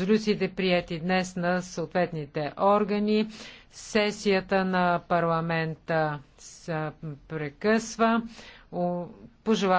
резолюциите прияти днес на съответните органи. Сесията на парламента се прекъсва. Пожелавам